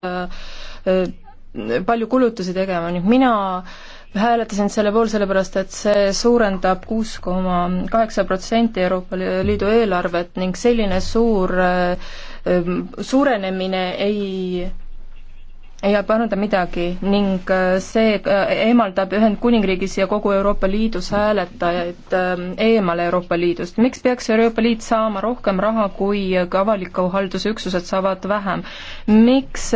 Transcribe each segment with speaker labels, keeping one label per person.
Speaker 1: Äh, äh, palju kulutusi tegema, nüüd mina hääletasin selle poolt sellepärast, et see suurendab kuus koma kaheksa protsenti Euroopa Liidu eelarvet ning selline suur äh, suurenemine ei ei paranda midagi ning äh, see äh, eemaldab Ühendkuningriigis ja kogu Euroopa Liidus hääletajaid ähm, eemale Euroopa Liidust. miks peaks Euroopa Liit saama rohkem raha, kui äh, ka avaliku halduse üksused saavad vähem? miks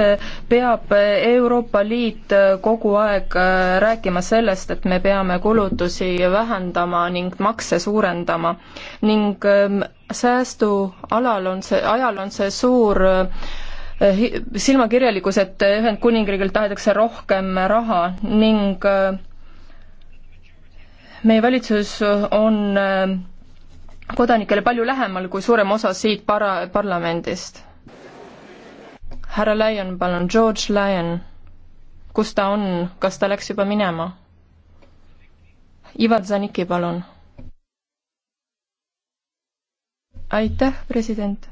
Speaker 1: peab Euroopa Liit kogu aeg rääkima sellest, et me peame kulutusi vähendama ning makse suurendama ning ähm, säästualal on see, ajal on see suur Eh, silmakirjalikkus, et Ühendkuningriigilt tahetakse rohkem raha ning eh, meie valitsus on eh, kodanikele palju lähemal kui suurem osa siit para-, parlamendist. härra Lyon, palun, George Lyon, kus ta on, kas ta läks juba minema? Ivan Zaniki, palun. aitäh, president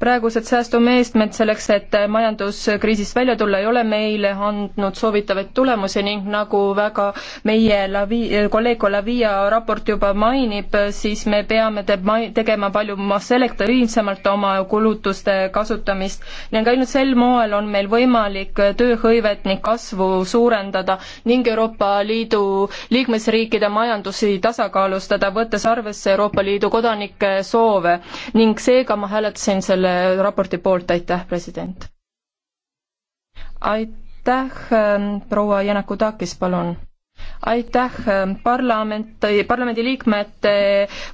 Speaker 1: praegused säästumeestmed selleks, et majanduskriisist välja tulla, ei ole meile andnud soovitavaid tulemusi ning nagu väga meie Lavi-, kolleeg Olavia raport juba mainib, siis me peame te-, tegema palju selektiivsemalt oma kulutuste kasutamist ning ainult sel moel on meil võimalik tööhõivet ning kasvu suurendada ning Euroopa Liidu liikmesriikide majandusi tasakaalustada, võttes arvesse Euroopa Liidu kodanike soove. ning seega ma hääletasin selle selle raporti poolt, aitäh, president! aitäh, ähm, proua Janakutakis, palun! aitäh, ähm, parlament, äh, parlamendiliikmete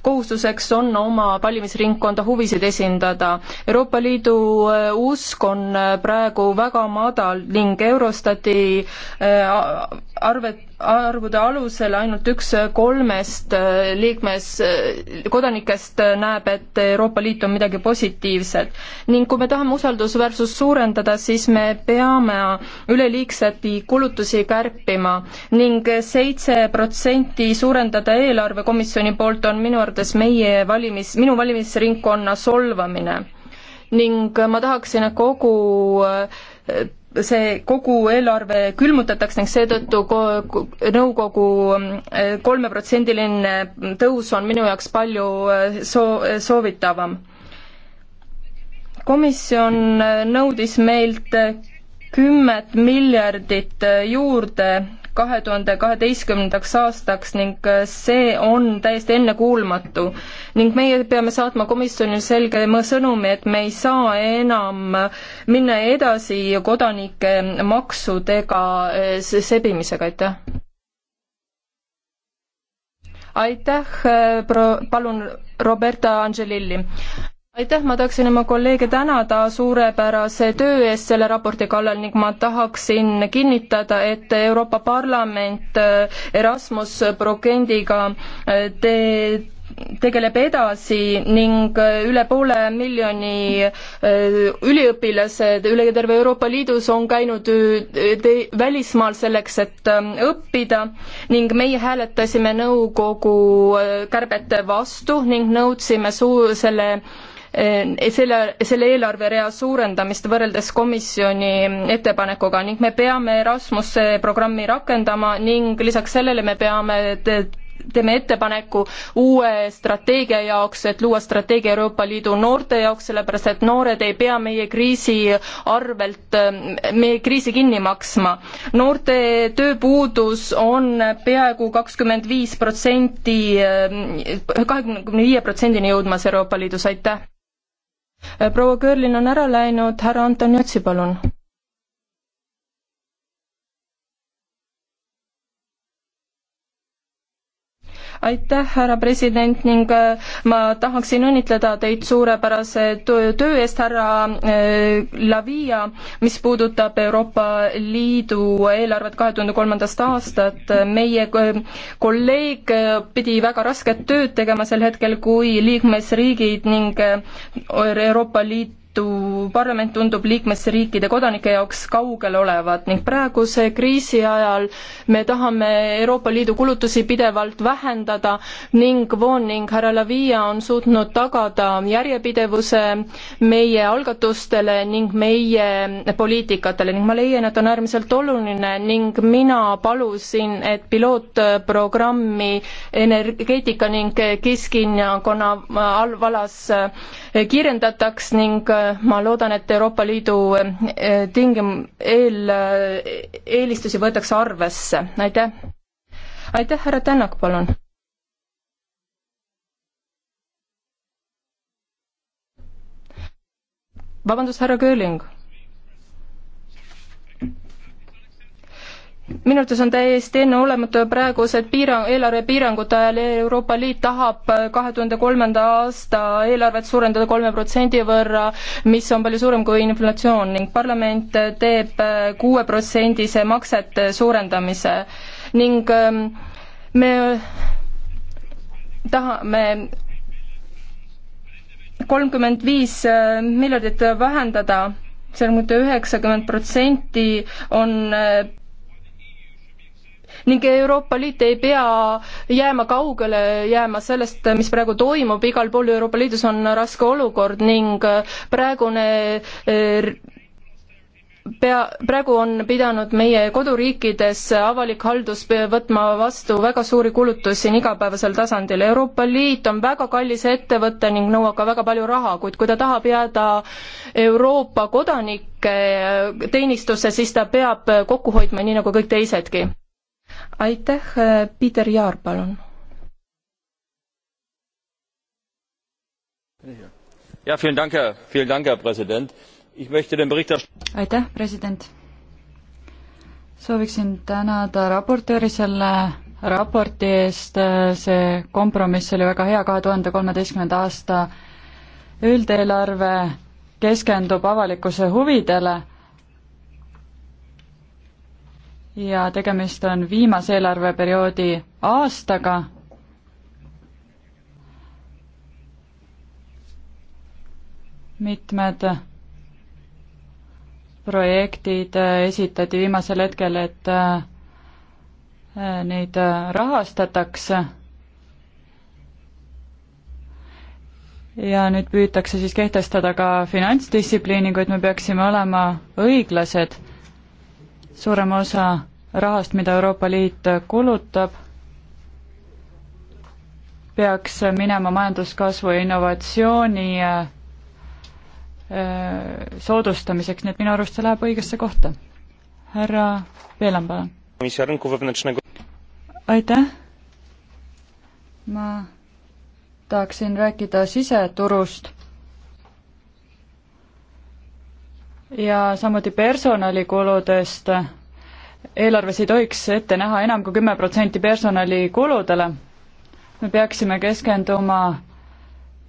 Speaker 1: kohustuseks on oma valimisringkonda huvisid esindada. Euroopa Liidu äh, usk on äh, praegu väga madal ning Eurostati arvet arvude alusel ainult üks kolmest äh, liikmes, äh, kodanikest äh, näeb, et Euroopa Liit on midagi positiivset. ning kui me tahame usaldusväärsust suurendada, siis me peame üleliigseid kulutusi kärpima ning seitse protsenti suurendada eelarvekomisjoni poolt on minu arvates meie valimis, minu valimisringkonna solvamine. ning ma tahaksin, et kogu see kogu eelarve külmutatakse ning seetõttu nõukogu mm, kolmeprotsendiline tõus on minu jaoks palju äh, soo-, äh, soovitavam. komisjon äh, nõudis meilt kümmet miljardit juurde kahe tuhande kaheteistkümnendaks aastaks ning äh, see on täiesti ennekuulmatu. ning meie peame saatma komisjonile selge sõnumi, et me ei saa enam minna edasi kodanike maksudega äh, sebimisega, aitäh. aitäh, äh, pro-, palun Roberta Angelilli aitäh, ma tahaksin oma kolleege tänada suurepärase töö eest selle raporti kallal ning ma tahaksin kinnitada, et Euroopa Parlament äh, Erasmus Progendiga äh, te tegeleb edasi ning äh, üle poole miljoni üliõpilased üle terve Euroopa Liidus on käinud välismaal selleks, et õppida ning meie hääletasime nõukogu kärbete vastu ning nõudsime suu-, selle Eh, selle, selle eelarverea suurendamist võrreldes komisjoni ettepanekuga ning me peame Erasmuse programmi rakendama ning lisaks sellele me peame teeme ettepaneku uue strateegia jaoks, et luua strateegia Euroopa Liidu noorte jaoks, sellepärast et noored ei pea meie kriisi arvelt, meie kriisi kinni maksma. noorte tööpuudus on peaaegu kakskümmend viis protsenti, kahekümne viie protsendini jõudmas Euroopa Liidus, aitäh! proua Körlin on ära läinud, härra Anton Jutsi, palun. aitäh, härra president ning äh, ma tahaksin õnnitleda teid suurepärase töö eest, härra äh, Lavia, mis puudutab Euroopa Liidu eelarvet kahe tuhande kolmandast aastat. meie äh, kolleeg pidi väga rasket tööd tegema sel hetkel, kui liikmesriigid ning Euroopa Liit Liitu parlament tundub liikmesriikide kodanike jaoks kaugel olevat ning praeguse kriisi ajal me tahame Euroopa Liidu kulutusi pidevalt vähendada ning Voon ning härra Lavia on suutnud tagada järjepidevuse meie algatustele ning meie poliitikatele ning ma leian, et on äärmiselt oluline ning mina palusin, et pilootprogrammi energeetika ning Kiskjakonna all valas kiirendataks ning ma loodan, et Euroopa Liidu eh, tingim-, eel, eelistusi võetakse arvesse, aitäh. aitäh, härra Tännak, palun. vabandust, härra Kööling minu arvates on täiesti enneolematu praegused piirang, eelarve piirangute ajal Euroopa Liit tahab äh, kahe tuhande kolmanda aasta eelarvet suurendada kolme protsendi võrra, mis on palju suurem kui inflatsioon ning parlament teeb äh, kuueprotsendise maksete suurendamise ning ähm, me tahame kolmkümmend viis äh, miljardit vähendada see on muide üheksakümmend protsenti, on ning Euroopa Liit ei pea jääma kaugele, jääma sellest, mis praegu toimub, igal pool Euroopa Liidus on raske olukord ning äh, praegune äh, pea, praegu on pidanud meie koduriikides avalik haldus võtma vastu väga suuri kulutusi igapäevasel tasandil. Euroopa Liit on väga kallis ettevõte ning nõuab ka väga palju raha, kuid kui ta tahab jääda Euroopa kodanike äh, teenistusse, siis ta peab kokku hoidma, nii nagu kõik teisedki aitäh, äh, Peter Jaar, palun.
Speaker 2: aitäh, president. sooviksin tänada raportööri selle raporti eest, see kompromiss oli väga hea, kahe tuhande kolmeteistkümnenda aasta üldeelarve keskendub avalikkuse huvidele ja tegemist on viimase eelarveperioodi aastaga. mitmed projektid esitati viimasel hetkel, et eh, neid rahastatakse. ja nüüd püütakse siis kehtestada ka finantsdistsipliini, kuid me peaksime olema õiglased suurem osa rahast, mida Euroopa Liit kulutab, peaks minema majanduskasvu ja innovatsiooni äh, soodustamiseks, nii et minu arust see läheb õigesse kohta. härra Veelam,
Speaker 3: palun.
Speaker 2: aitäh. ma tahaksin rääkida siseturust ja samuti personalikuludest. eelarves ei tohiks ette näha enam kui kümme protsenti personalikuludele. me peaksime keskenduma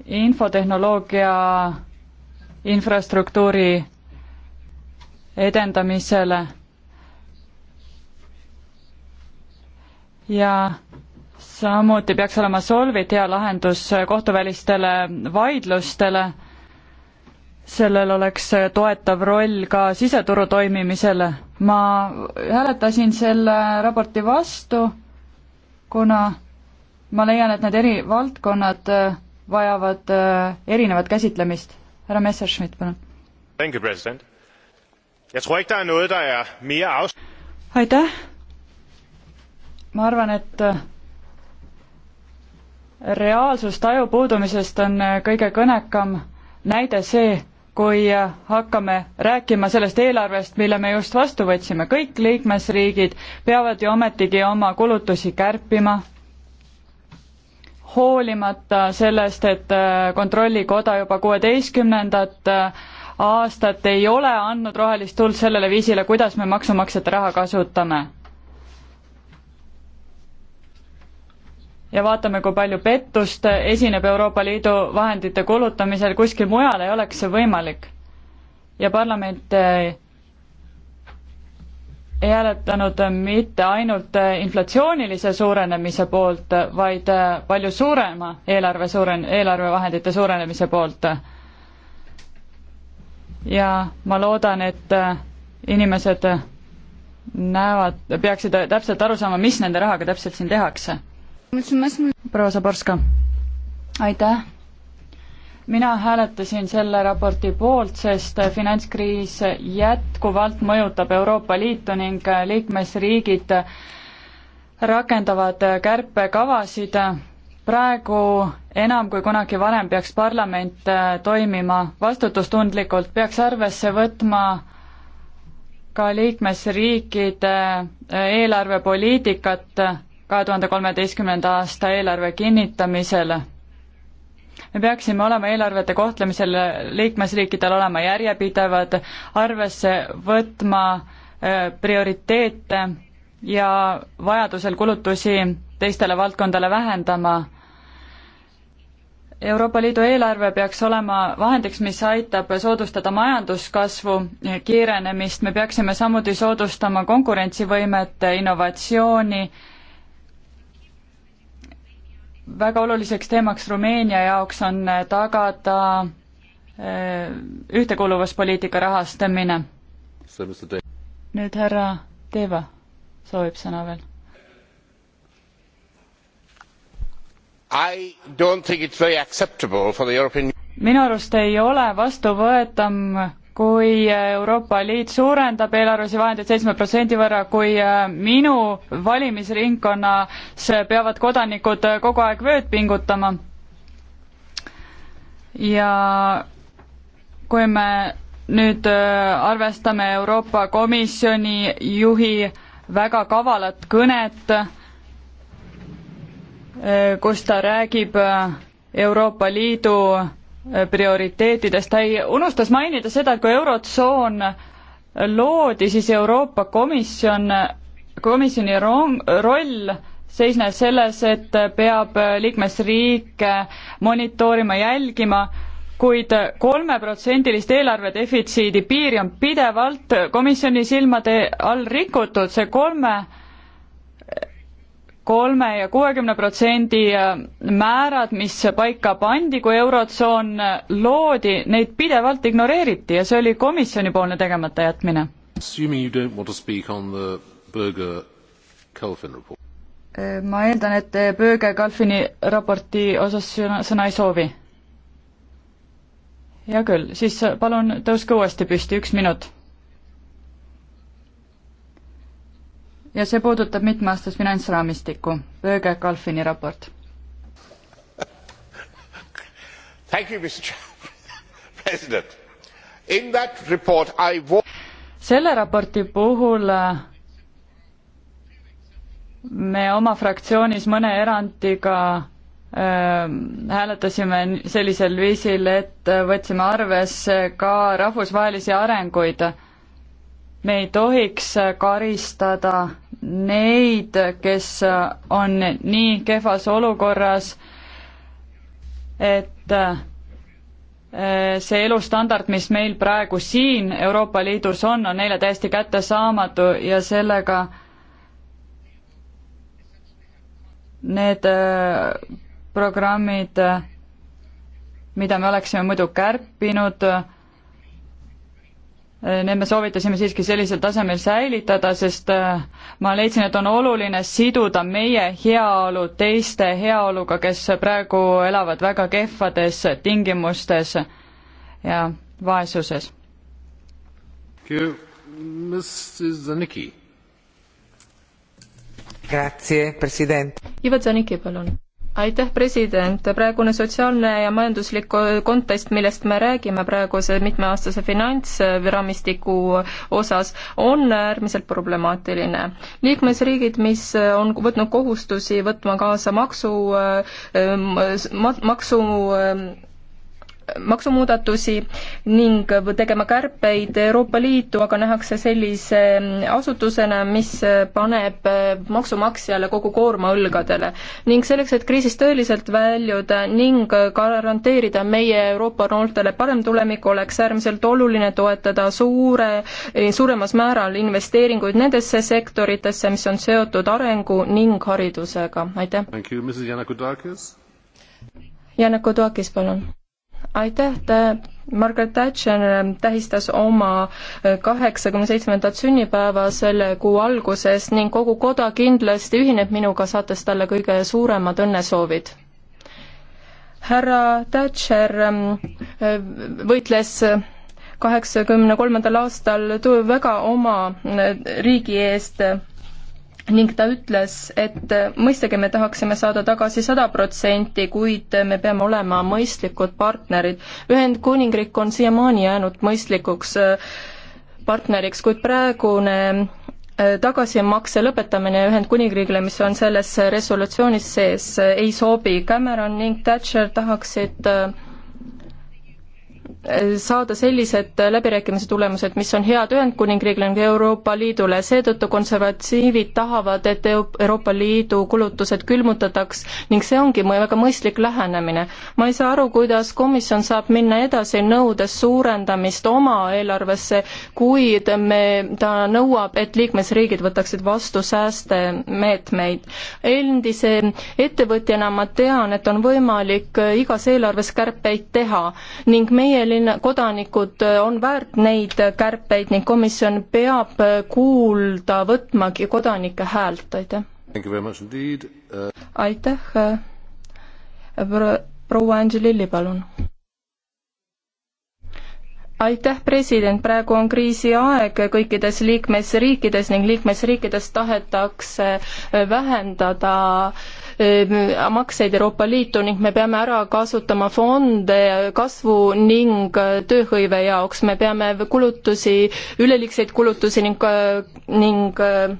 Speaker 2: infotehnoloogia infrastruktuuri edendamisele ja samuti peaks olema Solvit hea lahendus kohtuvälistele vaidlustele sellel oleks toetav roll ka siseturu toimimisele. ma hääletasin selle raporti vastu, kuna ma leian, et need eri valdkonnad äh, vajavad äh, erinevat käsitlemist. härra Messerschmidt, palun.
Speaker 4: Er er
Speaker 2: aitäh. ma arvan, et äh, reaalsustaju puudumisest on kõige kõnekam näide see, kui hakkame rääkima sellest eelarvest, mille me just vastu võtsime, kõik liikmesriigid peavad ju ometigi oma kulutusi kärpima, hoolimata sellest, et äh, Kontrollikoda juba kuueteistkümnendat äh, aastat ei ole andnud rohelist tuld sellele viisile, kuidas me maksumaksjate raha kasutame ja vaatame, kui palju pettust esineb Euroopa Liidu vahendite kulutamisel, kuskil mujal ei oleks see võimalik. ja parlament ei hääletanud mitte ainult inflatsioonilise suurenemise poolt, vaid palju suurema eelarve suuren-, eelarvevahendite suurenemise poolt. ja ma loodan, et inimesed näevad, peaksid täpselt aru saama, mis nende rahaga täpselt siin tehakse proua Zaborska, aitäh! mina hääletasin selle raporti poolt, sest finantskriis jätkuvalt mõjutab Euroopa Liitu ning liikmesriigid rakendavad kärpekavasid. praegu enam kui kunagi varem peaks parlament toimima vastutustundlikult, peaks arvesse võtma ka liikmesriikide eelarvepoliitikat kahe tuhande kolmeteistkümnenda aasta eelarve kinnitamisel. me peaksime olema eelarvete kohtlemisel liikmesriikidel olema järjepidevad, arvesse võtma prioriteete ja vajadusel kulutusi teistele valdkondadele vähendama. Euroopa Liidu eelarve peaks olema vahendiks, mis aitab soodustada majanduskasvu kiirenemist, me peaksime samuti soodustama konkurentsivõimet, innovatsiooni, väga oluliseks teemaks Rumeenia jaoks on tagada eh, ühtekuuluvuspoliitika rahastamine. nüüd härra Teeva soovib sõna veel. European... minu arust ei ole vastuvõetav kui äh, Euroopa Liit suurendab eelarvelisi vahendeid seitsme protsendi võrra, kui äh, minu valimisringkonnas peavad kodanikud äh, kogu aeg vööd pingutama. ja kui me nüüd arvestame Euroopa Komisjoni juhi väga kavalat kõnet, kus ta räägib Euroopa Liidu prioriteetidest, ta ei, unustas mainida seda, et kui Eurotsoon loodi, siis Euroopa Komisjon, komisjoni rong, roll seisnes selles, et peab liikmesriike monitoorima, jälgima, kuid kolmeprotsendilist eelarve defitsiidi piiri on pidevalt komisjoni silmade all rikutud, see kolme kolme ja kuuekümne protsendi äh, määrad, mis paika pandi, kui Eurotsoon äh, loodi, neid pidevalt ignoreeriti ja see oli komisjonipoolne tegemata jätmine. Äh, ma eeldan, et te Böge-Kalfini raporti osas sõna ei soovi? hea küll, siis palun tõuske uuesti püsti, üks minut ja see puudutab mitmeaastast finantsraamistikku. Böge Kalfini raport.
Speaker 4: Thank you, Mr President. In that report I
Speaker 2: selle raporti puhul äh, me oma fraktsioonis mõne erandiga ähm, hääletasime sellisel viisil, et äh, võtsime arvesse ka rahvusvahelisi arenguid. me ei tohiks äh, karistada neid, kes on nii kehvas olukorras, et eh, see elustandard, mis meil praegu siin Euroopa Liidus on, on neile täiesti kättesaamatu ja sellega need eh, programmid, mida me oleksime muidu kärpinud, Äh, need me soovitasime siiski sellisel tasemel säilitada, sest äh, ma leidsin, et on oluline siduda meie heaolu teiste heaoluga, kes praegu elavad väga kehvades tingimustes ja vaesuses.
Speaker 1: Ivo Zanicki, palun aitäh, president, praegune sotsiaalne ja majanduslik kontekst, millest me räägime praeguse mitmeaastase finantsraamistiku osas, on äärmiselt problemaatiline. liikmesriigid, mis on võtnud kohustusi võtma kaasa maksu, äh, maksu äh, maksumuudatusi ning tegema kärpeid Euroopa Liitu, aga nähakse sellise asutusena, mis paneb maksumaksjale kogu koorma õlgadele. ning selleks, et kriisist tõeliselt väljuda ning garanteerida meie Euroopa noortele parem tulevik, oleks äärmiselt oluline toetada suure, suuremas määral investeeringuid nendesse sektoritesse, mis on seotud arengu ning haridusega, aitäh! Janakodakis, palun! aitäh, Margaret Thatcher ähm, tähistas oma äh, kaheksakümne seitsmendat sünnipäeva selle kuu alguses ning kogu koda kindlasti ühineb minuga, saates talle kõige suuremad õnnesoovid. härra Thatcher ähm, äh, võitles äh, kaheksakümne kolmandal aastal väga oma riigi eest ning ta ütles, et mõistagi me tahaksime saada tagasi sada protsenti, kuid me peame olema mõistlikud partnerid. Ühendkuningriik on siiamaani jäänud mõistlikuks äh, partneriks, kuid praegune äh, tagasimakse lõpetamine Ühendkuningriigile, mis on selles resolutsioonis sees, äh, ei sobi. Cameron ning Thatcher tahaksid äh, saada sellised läbirääkimise tulemused, mis on head Ühendkuningriigile ning Euroopa Liidule, seetõttu konservatiivid tahavad, et Euroopa Liidu kulutused külmutataks ning see ongi mu väga mõistlik lähenemine. ma ei saa aru, kuidas komisjon saab minna edasi, nõudes suurendamist oma eelarvesse, kuid me, ta nõuab, et liikmesriigid võtaksid vastu säästemeetmeid. endise ettevõtjana ma tean, et on võimalik igas eelarves kärpeid teha ning meie kodin-, kodanikud äh, on väärt neid äh, kärpeid ning komisjon peab äh, kuulda võtmagi kodanike häält, aitäh.
Speaker 4: Uh...
Speaker 1: aitäh Pro,, proua Angelilli, palun. aitäh, president, praegu on kriisiaeg kõikides liikmesriikides ning liikmesriikides tahetakse vähendada äh, Ehm, makseid Euroopa Liitu ning me peame ära kasutama fonde kasvu ning äh, tööhõive jaoks, me peame kulutusi, üleliigseid kulutusi ning, äh, ning äh,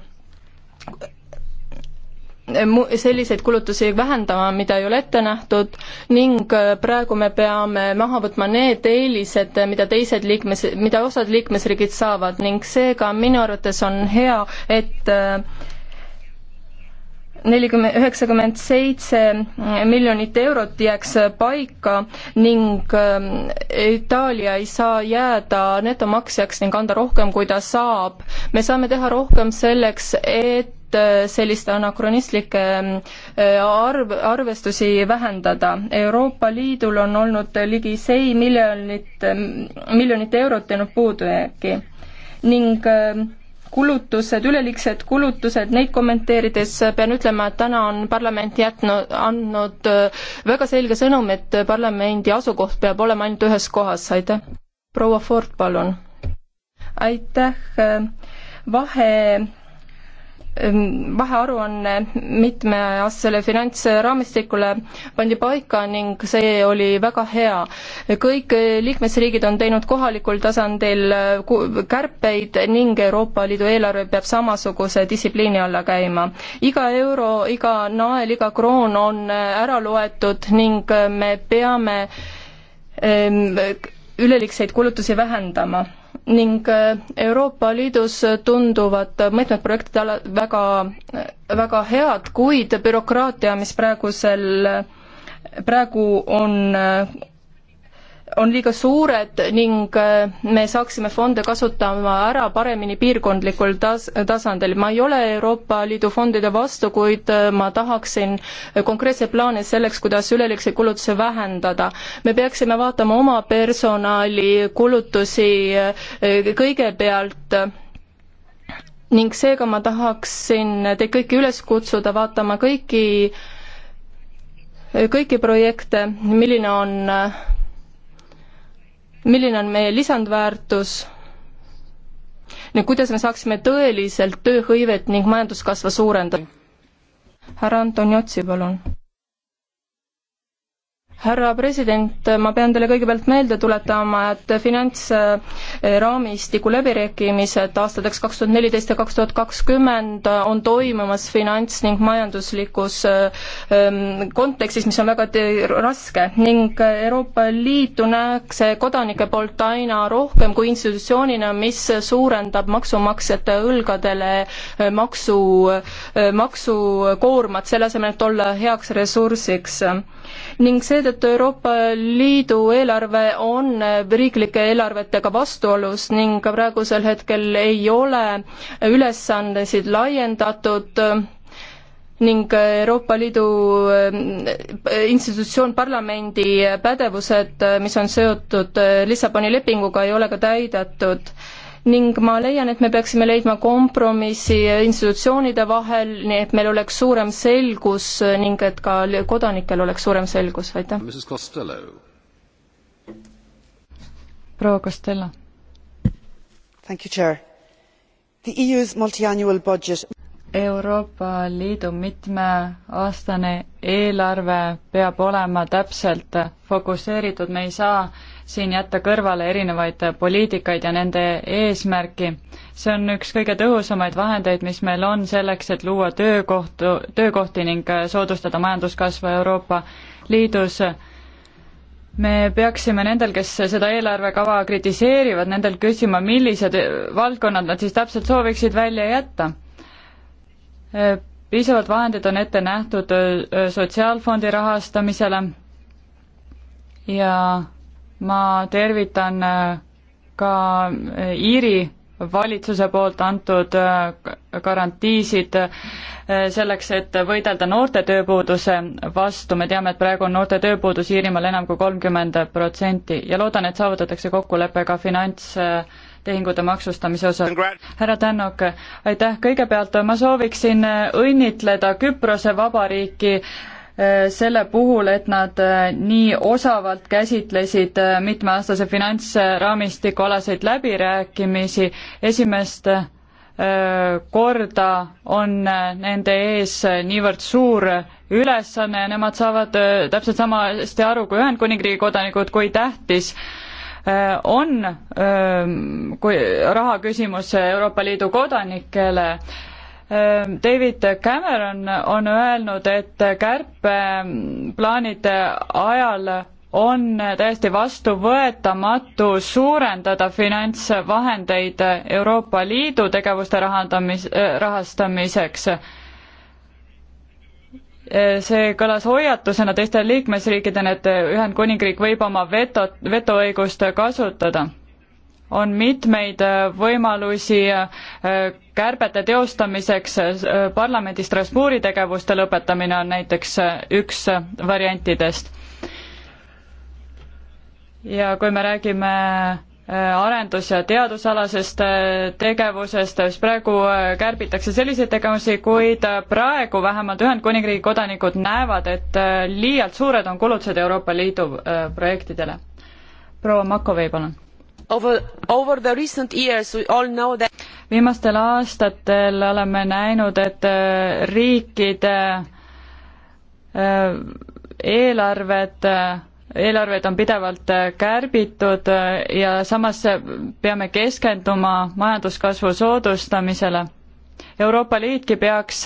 Speaker 1: selliseid kulutusi vähendama, mida ei ole ette nähtud ning praegu me peame maha võtma need eelised, mida teised liikmes, mida osad liikmesriigid saavad ning seega minu arvates on hea, et nelikümmend, üheksakümmend seitse miljonit eurot jääks paika ning ähm, Itaalia ei saa jääda netomaksjaks ning anda rohkem, kui ta saab. me saame teha rohkem selleks, et äh, selliste anakronistlikke äh, arv, arvestusi vähendada. Euroopa Liidul on olnud ligi sei miljonit, miljonit eurot jäänud puudujääki ning ähm, kulutused, üleliigsed kulutused, neid kommenteerides pean ütlema, et täna on parlament jätnud, andnud äh, väga selge sõnumi, et parlamendi asukoht peab olema ainult ühes kohas, aitäh. proua Ford, palun. aitäh, äh, vahe Ehm, vahearuanne mitmeaastasele finantsraamistikule pandi paika ning see oli väga hea. kõik liikmesriigid on teinud kohalikul tasandil äh, kärpeid ning Euroopa Liidu eelarve peab samasuguse distsipliini alla käima. iga euro, iga nael, iga kroon on ära loetud ning me peame ehm, üleliigseid kulutusi vähendama ning äh, Euroopa Liidus tunduvad mitmed projektid ala-, väga, äh, väga head, kuid bürokraatia, mis praegusel, praegu on äh, on liiga suured ning äh, me saaksime fonde kasutama ära paremini piirkondlikul tas-, tasandil. ma ei ole Euroopa Liidu fondide vastu, kuid äh, ma tahaksin konkreetseid plaane selleks, kuidas üleliigseid kulutusi vähendada. me peaksime vaatama oma personalikulutusi äh, kõigepealt ning seega ma tahaksin teid kõiki üles kutsuda vaatama kõiki kõiki projekte, milline on milline on meie lisandväärtus ning kuidas me saaksime tõeliselt tööhõivet ning majanduskasva suurendada. härra Anton Jotsi, palun härra president, ma pean teile kõigepealt meelde tuletama, et finantsraamistiku läbirääkimised aastateks kaks tuhat neliteist ja kaks tuhat kakskümmend on toimumas finants- ning majanduslikus ähm, kontekstis, mis on väga raske ning Euroopa Liitu nähakse kodanike poolt aina rohkem kui institutsioonina, mis suurendab maksumaksjate õlgadele äh, maksu, äh, maksukoormat, selle asemel, et olla heaks ressursiks ning seetõttu Euroopa Liidu eelarve on eh, riiklike eelarvetega vastuolus ning ka praegusel hetkel ei ole ülesandesid laiendatud eh, ning eh, Euroopa Liidu institutsioon, parlamendi pädevused, mis on seotud Lissaboni lepinguga, ei ole ka täidetud ning ma leian, et me peaksime leidma kompromissi institutsioonide vahel, nii et meil oleks suurem selgus ning et ka kodanikel oleks suurem selgus, aitäh.
Speaker 2: proua Costello. E Euroopa Liidu mitmeaastane eelarve peab olema täpselt fokusseeritud, me ei saa siin jätta kõrvale erinevaid poliitikaid ja nende eesmärki. see on üks kõige tõhusamaid vahendeid, mis meil on selleks, et luua töökohtu, töökohti ning soodustada majanduskasvu Euroopa Liidus me peaksime nendel, kes seda eelarvekava kritiseerivad, nendel küsima, millised valdkonnad nad siis täpselt sooviksid välja jätta. piisavad vahendid on ette nähtud sotsiaalfondi rahastamisele ja ma tervitan äh, ka äh, Iiri valitsuse poolt antud äh, garantiisid selleks, et võidelda noorte tööpuuduse vastu, me teame, et praegu on noorte tööpuudus Iirimaal enam kui kolmkümmend protsenti ja loodan, et saavutatakse kokkulepe ka finants tehingute maksustamise osas. härra Tännok, aitäh, kõigepealt ma sooviksin õnnitleda Küprose Vabariiki äh, Äh, selle puhul, et nad äh, nii osavalt käsitlesid äh, mitmeaastase finantsraamistiku alaseid läbirääkimisi, esimest korda on nende ees niivõrd suur ülesanne ja nemad saavad täpselt sama hästi aru kui Ühendkuningriigi kodanikud, kui tähtis on kui raha küsimus Euroopa Liidu kodanikele Ehm, David Cameron on öelnud, et kärpeplaanide ajal on täiesti vastuvõetamatu suurendada finantsvahendeid Euroopa Liidu tegevuste rahandamis, rahastamiseks see kõlas hoiatusena teistele liikmesriikidele, et Ühendkuningriik võib oma veto, vetoõigust kasutada on mitmeid äh, võimalusi äh, kärbete teostamiseks, äh, parlamendi Strasbourgi tegevuste lõpetamine on näiteks üks variantidest. ja kui me räägime arendus- ja teadusalasest tegevusest, siis praegu kärbitakse selliseid tegevusi, kuid praegu vähemalt Ühendkuningriigi kodanikud näevad, et liialt suured on kulutused Euroopa Liidu projektidele. proua Makovei, palun viimastel aastatel oleme näinud, et äh, riikide äh, eelarved, äh, eelarved on pidevalt kärbitud ja samas peame keskenduma majanduskasvu soodustamisele. Euroopa Liitki peaks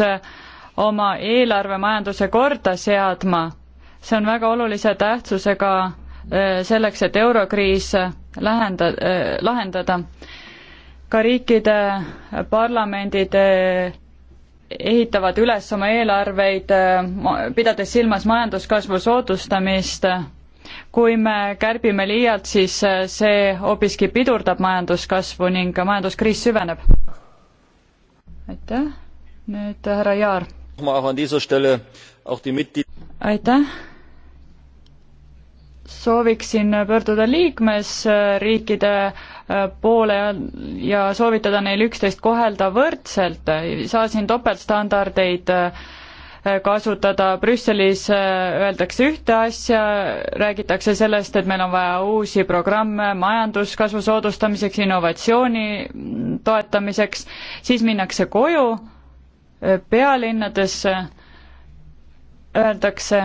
Speaker 2: oma eelarve majanduse korda seadma. see on väga olulise tähtsusega selleks, et eurokriis lähenda- eh,, lahendada. ka riikide parlamendid eh, ehitavad üles oma eelarveid, eh, pidades silmas majanduskasvu soodustamist, kui me kärbime liialt, siis eh, see hoopiski pidurdab majanduskasvu ning majanduskriis süveneb. aitäh, nüüd härra Jaar. aitäh, sooviksin pöörduda liikmesriikide äh, poole ja, ja soovitada neil üksteist kohelda võrdselt, ei saa siin topeltstandardeid äh, kasutada, Brüsselis äh, öeldakse ühte asja, räägitakse sellest, et meil on vaja uusi programme majanduskasvu soodustamiseks, innovatsiooni toetamiseks, siis minnakse koju, pealinnadesse öeldakse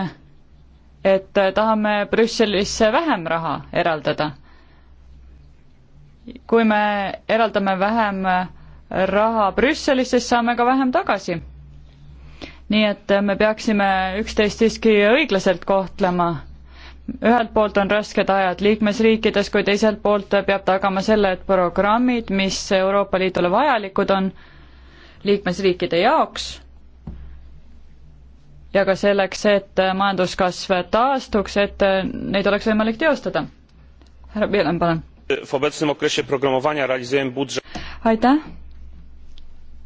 Speaker 2: et äh, tahame Brüsselisse vähem raha eraldada. kui me eraldame vähem äh, raha Brüsselisse, siis saame ka vähem tagasi. nii et äh, me peaksime üksteist siiski õiglaselt kohtlema. ühelt poolt on rasked ajad liikmesriikides, kui teiselt poolt peab tagama selle, et programmid, mis Euroopa Liidule vajalikud on, liikmesriikide jaoks ja ka selleks, et majanduskasv taastuks, et neid oleks võimalik teostada. härra Pielen, palun. aitäh.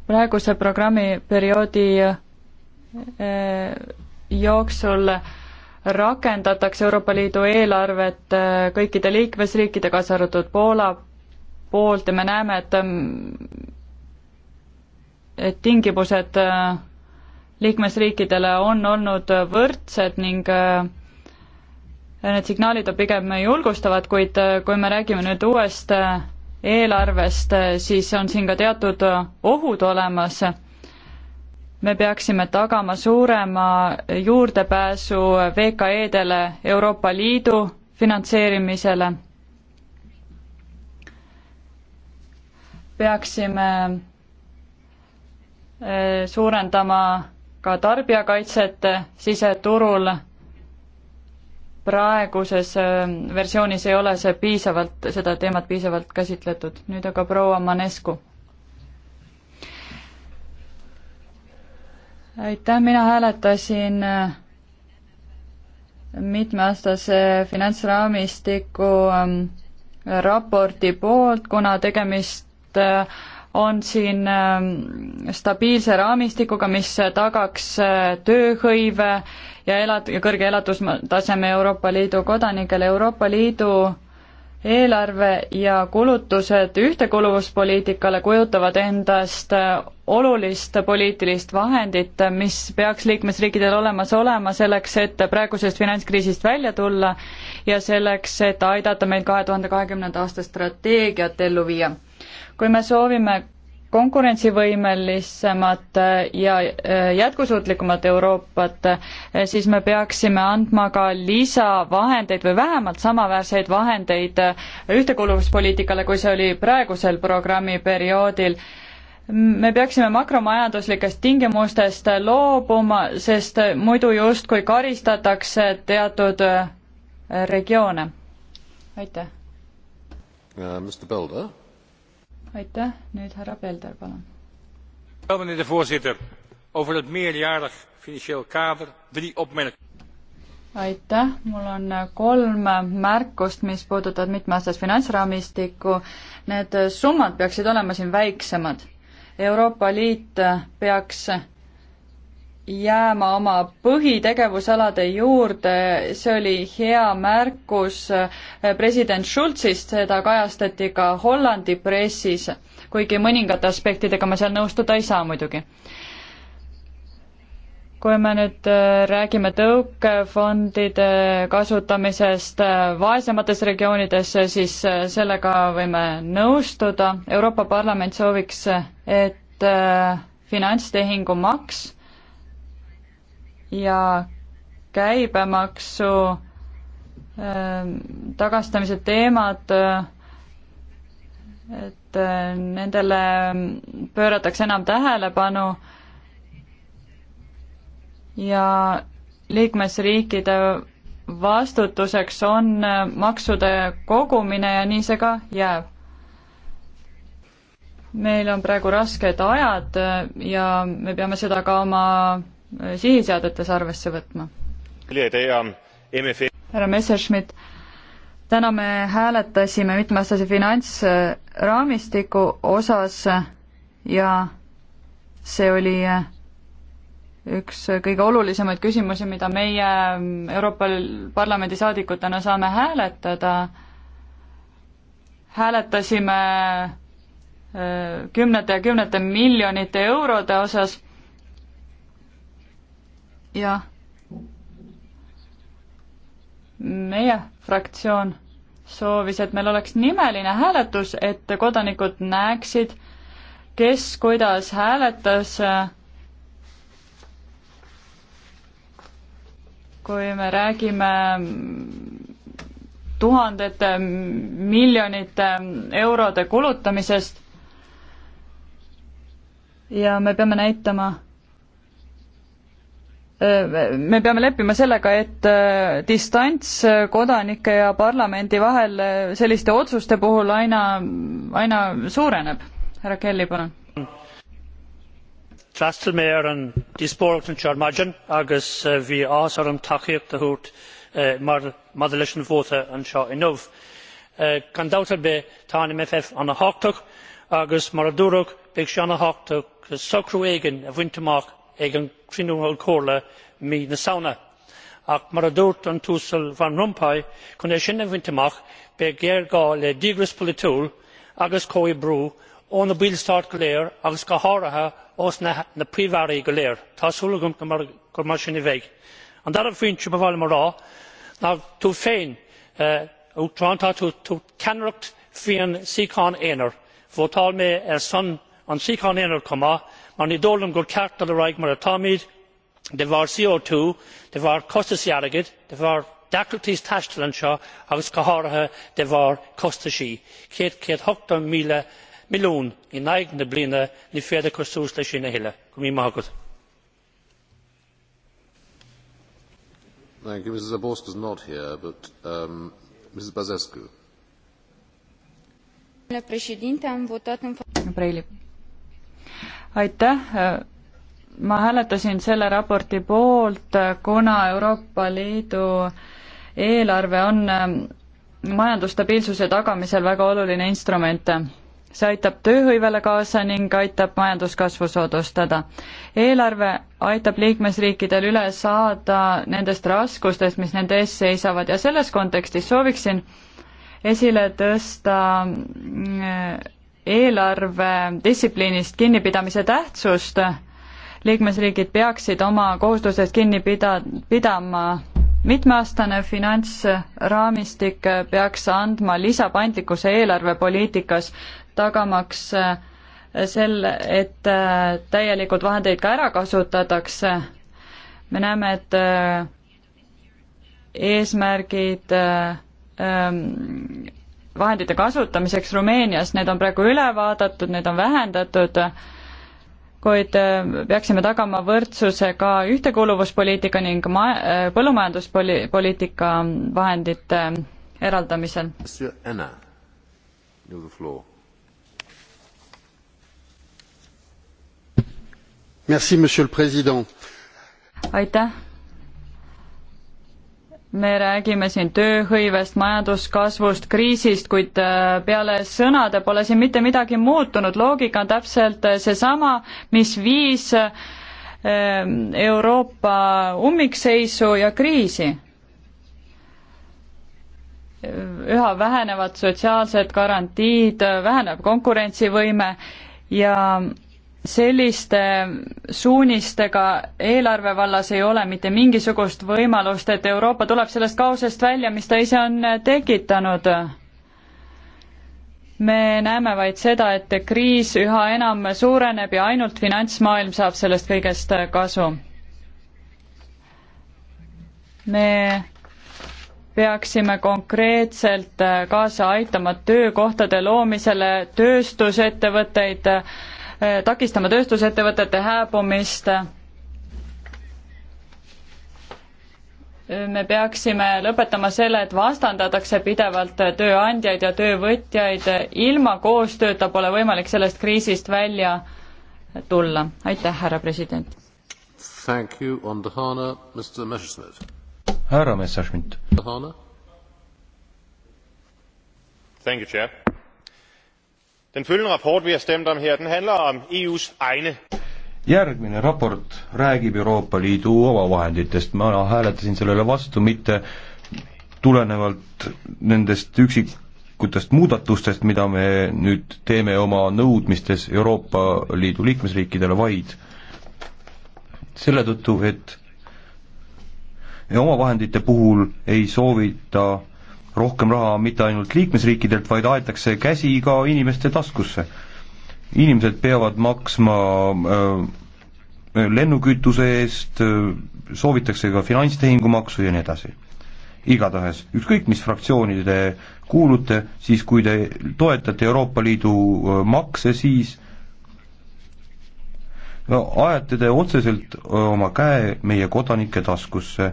Speaker 2: praeguse programmi perioodi e, jooksul rakendatakse Euroopa Liidu eelarvet e, kõikide liikmesriikide, kaasa arvatud Poola poolt ja me näeme, et et tingimused äh, liikmesriikidele on olnud võrdsed ning äh, need signaalid on pigem julgustavad, kuid äh, kui me räägime nüüd uuest äh, eelarvest, siis on siin ka teatud ohud olemas. me peaksime tagama suurema juurdepääsu VKE-dele Euroopa Liidu finantseerimisele. peaksime suurendama ka tarbijakaitset siseturul. praeguses äh, versioonis ei ole see piisavalt, seda teemat piisavalt käsitletud. nüüd aga proua Manescu. aitäh, mina hääletasin äh, mitmeaastase finantsraamistiku ähm, raporti poolt, kuna tegemist äh, on siin ähm, stabiilse raamistikuga, mis tagaks äh, tööhõive ja elat-, ja kõrge elatustaseme Euroopa Liidu kodanikele, Euroopa Liidu eelarve ja kulutused ühtekuluvuspoliitikale kujutavad endast äh, olulist poliitilist vahendit, mis peaks liikmesriikidel olemas olema selleks, et praegusest finantskriisist välja tulla ja selleks, et aidata meil kahe tuhande kahekümnenda aasta strateegiat ellu viia kui me soovime konkurentsivõimelisemat äh, ja äh, jätkusuutlikumat Euroopat, äh, siis me peaksime andma ka lisavahendeid või vähemalt samaväärseid vahendeid ühtekuuluvuspoliitikale, kui see oli praegusel programmiperioodil. me peaksime makromajanduslikest tingimustest loobuma, sest muidu justkui karistatakse teatud regioone. aitäh
Speaker 4: uh,. Mr Belder
Speaker 2: aitäh, nüüd härra Pelder, palun. aitäh, mul on kolm märkust, mis puudutavad mitmeaastast finantsraamistikku. Need summad peaksid olema siin väiksemad. Euroopa Liit peaks jääma oma põhitegevusalade juurde, see oli hea märkus eh, president Schulzist, seda kajastati ka Hollandi pressis, kuigi mõningate aspektidega ma seal nõustuda ei saa muidugi. kui me nüüd eh, räägime tõukefondide kasutamisest eh, vaesemates regioonides, siis sellega võime nõustuda, Euroopa Parlament sooviks, et finantstehingumaks ja käibemaksu ähm, tagastamise teemad, äh, et äh, nendele pööratakse enam tähelepanu ja liikmesriikide vastutuseks on äh, maksude kogumine ja nii see ka jääb. meil on praegu rasked ajad ja me peame seda ka oma sihiseadetes arvesse võtma. härra Messerschmidt, täna me hääletasime mitmeaastase finantsraamistiku osas ja see oli üks kõige olulisemaid küsimusi, mida meie Euroopa Parlamendi saadikutena saame hääletada. hääletasime äh, kümnete ja kümnete miljonite eurode osas ja meie fraktsioon soovis, et meil oleks nimeline hääletus, et kodanikud näeksid, kes kuidas hääletas. kui me räägime tuhandete miljonite eurode kulutamisest ja me peame näitama me peame leppima sellega, et äh, distants äh, kodanike ja parlamendi vahel äh, selliste otsuste puhul aina, aina suureneb. härra Kelly, palun.
Speaker 4: Trastelmeer on disporgan Sharmajan agus vi aasar on takiak tahut mar madalishan vota an sha inov. Kan dautar be tan MFF an a hoctach agus mar a durog big shan a hoctach socrú éigen a bhainteach ag an trioróir comhairle mí na samhna ach mura dúirt an tuasal van rompuy chun é sin a bhaint amach beidh géar gá le díogras polaitiúil agus comhaoibh brú ó na bíolstáit eh, go léir agus go háirithe os na príomhearraí go léir. tá súil agam go mar sin a bheidh. an dara bhfiainte mo bhaile mo rá nach dtú féin tráth tú ceannaireacht faoin suíocháin aonair vótáil mé ar er son an suíocháin aonair chomh maith ond i ddólam go ceart ar a fhraig mar atá iad de bharr co two de bharr costas airgid de bharr d'fhaculties taisteal anseo agus go háirithe de bharr costais í céad céad ochtó míle milliún i ngcaithfidh na bliana ní féidir go suas leis sin a thuilleadh go mí maith agat. Thank you. Mrs. Zaborska is not here, but um, Mrs. Bazescu.
Speaker 1: Domnule președinte, am votat în
Speaker 4: favoarea
Speaker 2: aitäh, ma hääletasin selle raporti poolt, kuna Euroopa Liidu eelarve on ähm, majandusstabiilsuse tagamisel väga oluline instrument. see aitab tööhõivele kaasa ning aitab majanduskasvu soodustada. eelarve aitab liikmesriikidel üle saada nendest raskustest, mis nende ees seisavad ja selles kontekstis sooviksin esile tõsta äh, eelarvedistsipliinist kinnipidamise tähtsust. liikmesriigid peaksid oma kohustusest kinni pida, pidama. mitmeaastane finantsraamistik peaks andma lisapaindlikkuse eelarvepoliitikas, tagamaks äh, selle, et äh, täielikult vahendeid ka ära kasutatakse. me näeme, et äh, eesmärgid ähm, vahendite kasutamiseks Rumeenias, need on praegu üle vaadatud, need on vähendatud, kuid äh, peaksime tagama võrdsuse ka ühtekuuluvuspoliitika ning ma-, äh, põllumajanduspoliitika vahendite äh, eraldamisel. aitäh me räägime siin tööhõivest, majanduskasvust, kriisist, kuid äh, peale sõnade pole siin mitte midagi muutunud, loogika on täpselt äh, seesama, mis viis äh, Euroopa ummikseisu ja kriisi. üha vähenevad sotsiaalsed garantiid, väheneb konkurentsivõime ja selliste suunistega eelarve vallas ei ole mitte mingisugust võimalust, et Euroopa tuleb sellest kaosest välja, mis ta ise on tekitanud. me näeme vaid seda, et kriis üha enam suureneb ja ainult finantsmaailm saab sellest kõigest kasu. me peaksime konkreetselt kaasa aitama töökohtade loomisele, tööstusettevõtteid äh, Eh, takistama tööstusettevõtete hääbumist. Eh, me peaksime lõpetama selle, et vastandatakse pidevalt tööandjaid ja töövõtjaid, ilma koostööta pole võimalik sellest kriisist välja tulla.
Speaker 4: aitäh,
Speaker 3: härra president! härra Messerschmidt
Speaker 4: den følgende rapport vi har stemt om her den handler om EU's egne
Speaker 3: järgmine raport räägib Euroopa Liidu omavahenditest, ma hääletasin sellele vastu mitte tulenevalt nendest üksikutest muudatustest, mida me nüüd teeme oma nõudmistes Euroopa Liidu liikmesriikidele, vaid selle tõttu, et omavahendite puhul ei soovita rohkem raha mitte ainult liikmesriikidelt, vaid aetakse käsi ka inimeste taskusse. inimesed peavad maksma öö, äh, lennukütuse eest, äh, soovitakse ka finantstehingumaksu ja nii edasi. igatahes, ükskõik mis fraktsiooni te kuulute, siis kui te toetate Euroopa Liidu äh, makse, siis no ajate te otseselt oma käe meie kodanike taskusse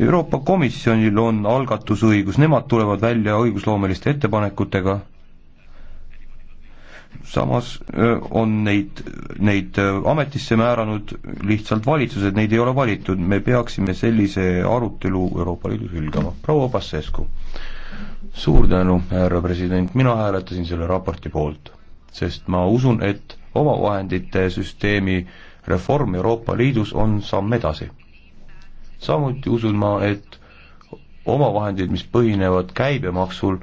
Speaker 3: Euroopa Komisjonil on algatusõigus, nemad tulevad välja õigusloomeliste ettepanekutega, samas on neid, neid ametisse määranud lihtsalt valitsused, neid ei ole valitud, me peaksime sellise arutelu Euroopa Liidus hülgama. proua Passescu, suur tänu, härra president, mina hääletasin selle raporti poolt, sest ma usun, et omavahendite süsteemi reform Euroopa Liidus on samm edasi samuti usun ma, et omavahendid, mis põhinevad käibemaksul,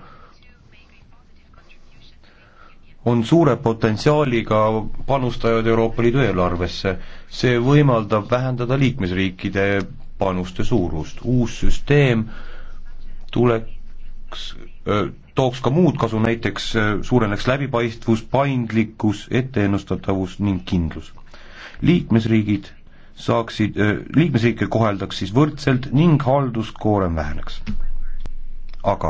Speaker 3: on suure potentsiaaliga panustajad Euroopa Liidu eelarvesse. see võimaldab vähendada liikmesriikide panuste suurust. uus süsteem tuleks, tooks ka muud kasu, näiteks suureneks läbipaistvus, paindlikkus, etteennustatavus ning kindlus. liikmesriigid saaksid, liikmesriike koheldaks siis võrdselt ning halduskoorem väheneks. aga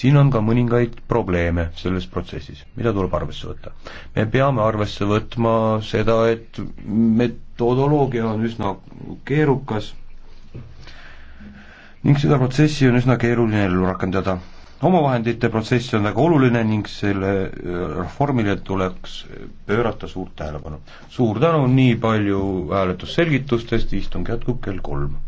Speaker 3: siin on ka mõningaid probleeme selles protsessis, mida tuleb arvesse võtta. me peame arvesse võtma seda, et metodoloogia on üsna keerukas ning seda protsessi on üsna keeruline ellu rakendada omavahendite protsess on väga oluline ning selle äh, reformile tuleks pöörata suurt tähelepanu. suur tänu, nii palju hääletusselgitustest, istung jätkub kell kolm